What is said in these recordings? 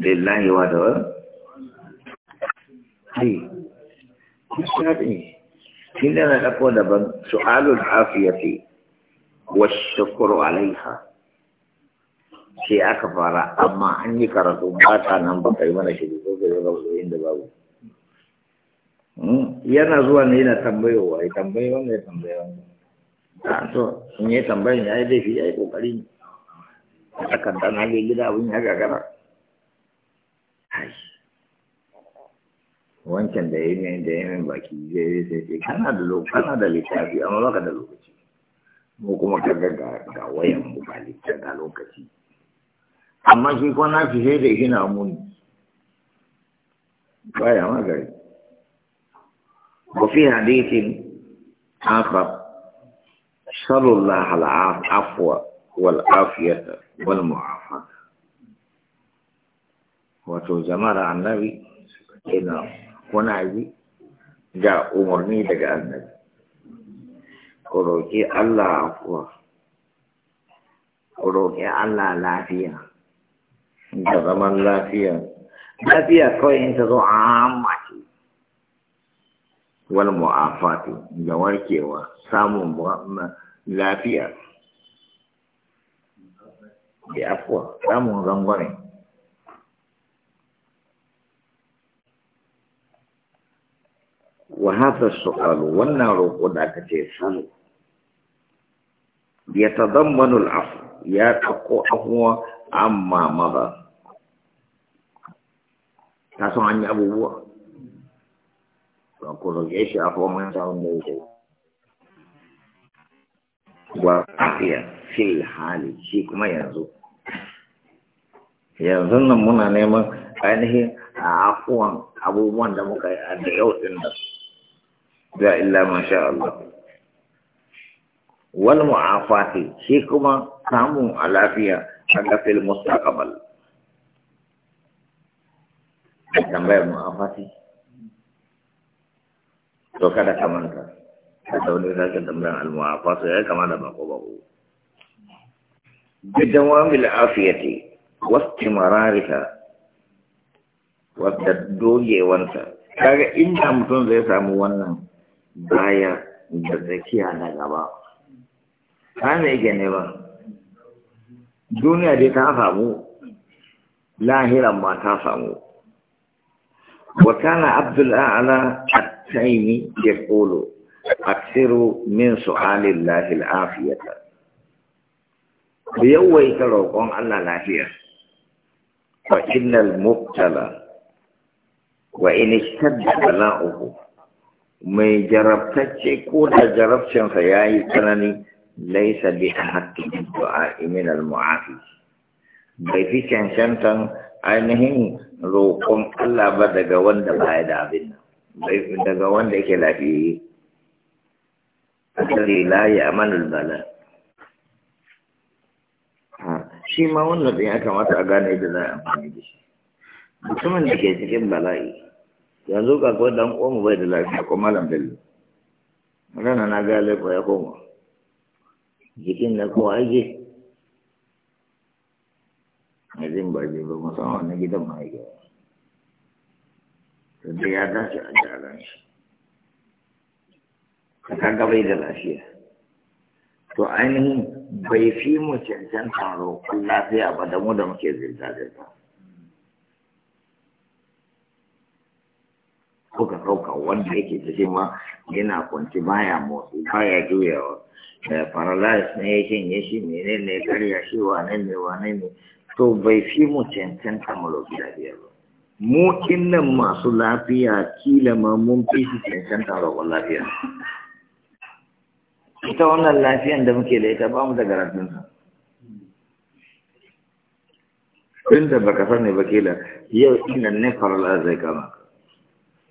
lillahi wa da wani shaɗi shi ne na ɗako daban su'alul afiyati wa shukuru alaiha sai aka fara amma an yi karatu ba ta nan ba kai mana shi ko ga ga su inda babu hmm? yana zuwa ne yana tambayowa ya tambayi wanda ya tambayi wanda a ah, to in yi tambayin ya yi laifi ya yi kokari ne a kan dana gida abin ya gagara wancan da ya yayin da ya yayin baki zai sai sai kana da lokaci da littafi amma baka da lokaci mu kuma kaga ga ga wayan mu ba littafi ga lokaci amma shi ko na fi sai da shi na muni baya ma gari وفي حديث آخر صلوا الله العفو والعافية والمعافاة وتزمر عن النبي إنه kuna yi ga umarni daga annabi ku roƙi Allah afuwa ku roƙi Allah lafiya da zaman lafiya lafiya kawai in ta zo a hammaci wal mu'afatu da warkewa samun lafiya da afuwa samun rangwame wa hadha as-su'al wannan roƙo da kace sanu ya tadammanu al-afu ya ɗauko huwa amma maza ta san an yi abubuwa ba ku roƙe shi a kuma yin sa'un Wa yake afiya fil hali shi kuma yanzu yanzu nan muna neman ainihin a afuwan abubuwan da muka yi a da yau ɗin nan لا إلا ما شاء الله والمعافاة شيكما سامو على فيها حق في المستقبل tambaya mu'afati to kada ka manta da wani zaka tambayan al-mu'afatu ya kama da bako bako bidawam al-afiyati wastimarariha wadda dogewanta kaga inda mutum zai samu wannan baya da na gaba ta mai ne ba duniya dai ta samu lahiran ma ta samu wakana abdullahi a taimi ya kolo a tsiro min su'alin lahil afiyata da yawai ta roƙon allah lafiya wa inal muftala? wa inishtar da ala'uhu mai jarabtacce ko da jarabcinsa ya yi tsanani laisa bi a hakkin du'a imin al-mu'afi bai fi cancantan ainihin roƙon Allah ba daga wanda ba ya da abin nan daga wanda yake lafiye asali la ya amanul bala shi ma wannan ɗin ya kamata a gane da za a amfani da shi mutumin da ke cikin bala'i yanzu ka ko dan uwan bai da lafiya ko malam bello rana na ga lefa ya koma jikin na ko aje azin ba je ba musamman na gidan mahaifiya da ya dace a jaran shi ka bai da lafiya to ainihin bai fi mu cancan taro lafiya ba da mu da muke zirga-zirga kuka sauka wanda yake shi ma yana kwanci baya motsi baya juyawa eh, paralyze ne ya shanye shi ne, ne karya shi wane ne wane ne to bai fi mu cancanta mu lauki lafiya ba mu kinnan masu lafiya kila ma mun fi su cancanta roƙon lafiya ita wannan lafiyan da muke da ita ba mu da garantinsa tun da baka sani ba kila yau ina ne paralyze zai kama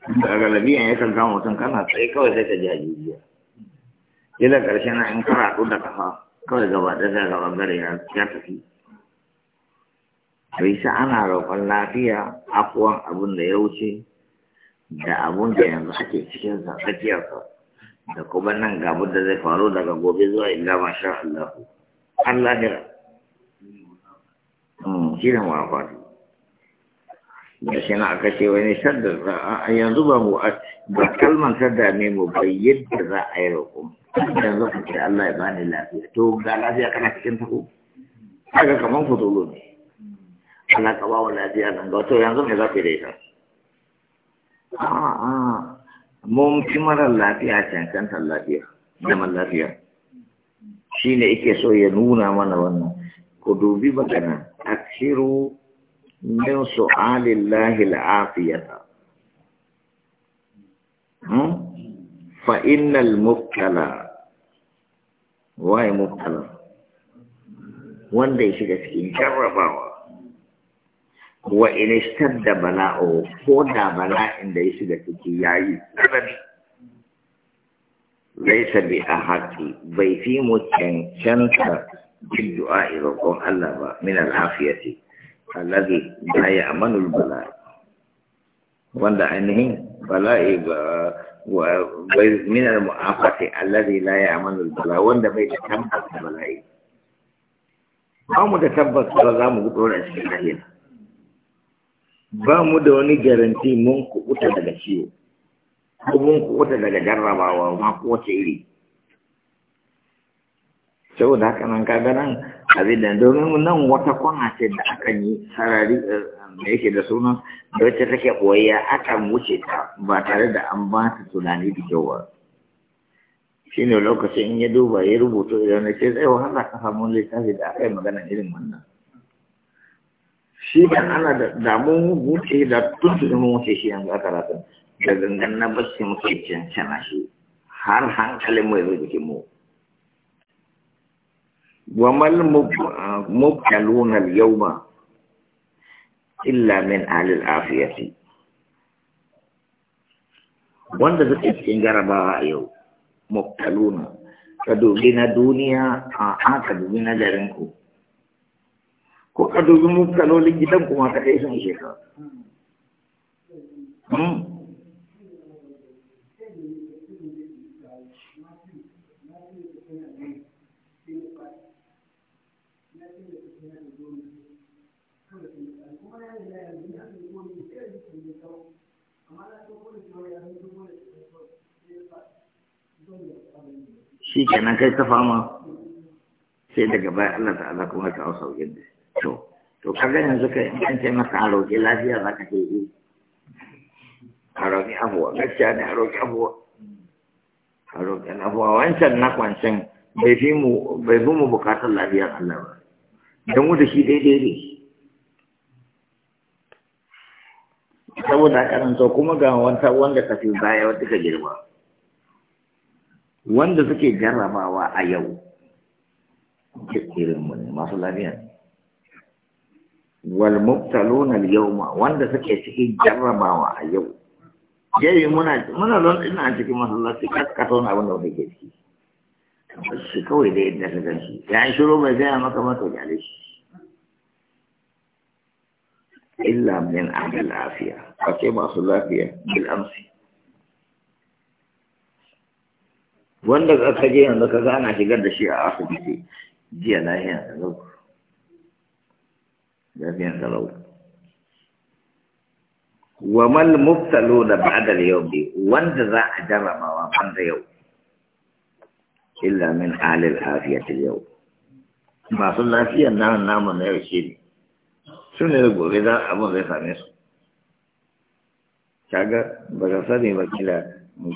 da galabiyan ya kan kama mutum kana tsaye kawai sai ka ji hajijiya ila ƙarshe na in karaɗu da kafa kawai gaba ɗaya sai gaba gare ya tafi bai sa ana roƙon lafiya afuwan abin da ya wuce da abun da yanzu ake cikin sa tsakiyarsa da kuma nan gabu da zai faru daga gobe zuwa illa masha Allah Allah hmm, ya shi wa da shi na aka ce wani shaddar a yanzu ba mu ba kalman ta dame mu ba yadda za a yi roƙo yanzu ku ce Allah ya bani lafiya to ga lafiya kana cikin tako aga kaman fotolo ne Allah ka ba wa lafiya nan ba to yanzu me za ku yi da ita a'a mun fi marar lafiya cancanta lafiya zaman lafiya shi ne ike so ya nuna mana wannan ku dubi magana a min su'alillahi al'afiyata hmm? fa innal mubtala wai mubtala wanda ya shiga cikin jarrabawa wa in ishtadda bala'u ko da bala'in da ya shiga ciki yayi tsanani laisa bi ahaqi bai fi mu cancanta bin du'a roƙon Allah ba min al-afiya al'afiyati alladhi la ya'manu al-bala wanda ainihin bala'i ba wa min al-mu'afati alladhi la ya'manu al-bala wanda bai da tabbas bala'i ba mu da tabbas ba za mu gudu da cikin lahira ba mu da wani garanti mun kuɓuta daga ciwo ko mun kuɓuta daga jarrabawa ma ko ce iri saboda haka nan kaga nan abin da domin nan wata kwana da aka yi sarari eh, da yake da suna da wacce take koyayya aka wuce ta ba tare da an ba ta tunani da kyau ba shi ne lokacin in ya duba ya rubuta idan na ce zai wahala ka samu littafi da aka yi magana irin wannan shi da ana da damun wuce da tuntunin wuce shi yanzu aka rasa da gangan na bashi muke cancana shi har hankalin mai zo jikin mu وما المبتلون اليوم إلا من أهل العافية wanda zai cikin garabawa a yau mubtaluna ka dubi na duniya a aka dubi na garin ku ko ka dubi mubtalolin gidan kuma ka kai sun shi kenan kai ta fama sai daga baya Allah ta'ala kuma ka hausa wajen da to to kaga yanzu kai in an ce maka roƙi lafiya za ka ce yi a roƙi abuwa gaskiya ne a roƙi abuwa a roƙi abuwa wancan na kwancin bai fi mu bukatar lafiyar Allah ba don mu da shi daidai ne saboda karanta kuma ga wanta wanda ka fi baya wata ka girma wanda suke jarrabawa a yau kirin mun masu lafiya wal mubtaluna al-yawma wanda suke cikin jarrabawa a yau jeri muna muna don ina cikin masallaci ka ka tona abin da wanda ke ciki shi kawai da yadda ka gan shi ya yi shiru bai gaya maka mata gyale shi إلا من أهل العافية فكيف أصل العافية بالأمس وعندك أتجي عندك أنا شجرة شيء آخر بسي جي أنا هنا لوك جي أنا وما المبتلون بعد اليوم دي وان ذا أجل ما وان إلا من أهل العافية اليوم ما أصل العافية نعم نعم نعم نعم su ne gobe za abin zai same su kaga ba ka sani ba kila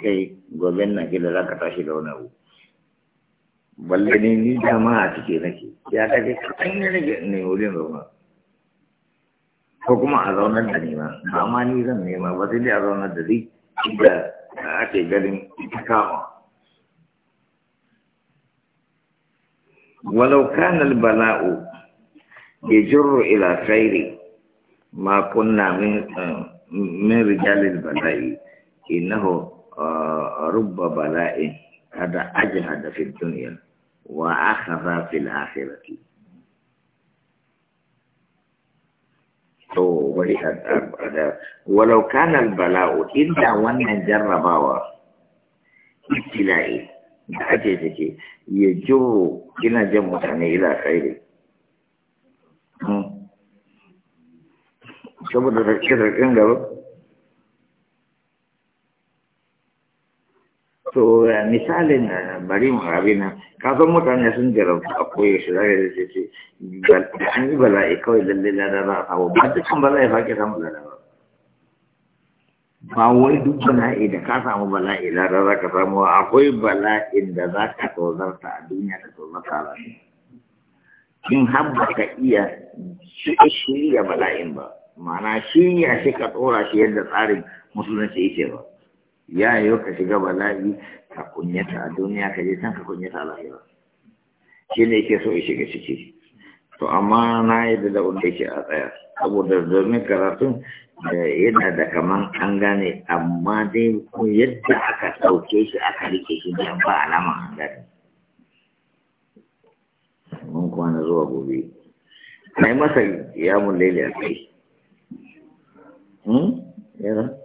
kai goben na kila za ka tashi da wani abu balle ne ni dama a cike nake ya kaje kaɗan ya rage ne wurin zauna ko kuma a zaunar da nema ba ma ni zan nema ba sai dai a zaunar da zai da ake ganin ita kama walau kana bala'u يجر إلى خير ما كنا من من رجال البلاء إنه آه، رب بلاء هذا أجهد في الدنيا وأخذ في الآخرة ولو كان البلاء إلا وأن جرباوا ابتلائي da ake take ya jiro saboda rikin gaba to misalin eh, bari mu rabi nan kasan mutane sun jarabta a koyaushe zai da ce ce an yi bala'i kawai lalle lada za a samu ba dukkan bala'i ba ke samu lada ba ba wai duk bala'i da ka samu bala'i lada za ka samu akwai bala'in da za ka tozarta a duniya ka tozarta a lafiya in har ba ka iya shirya bala'in ba mana shirya shi ka tsora shi yadda tsarin musulunci yake ba ya yi ka shiga bala'i ka kunyata a duniya ka je san ka kunyata a lahira shi ne ke so ya shiga ciki to amma na yadda da wanda yake a tsaya saboda domin karatun yana da kaman an gane amma dai yadda aka ɗauke shi aka rike shi ba alama an gane kwana zuwa gobe mai masa ya mun a kai hmm yara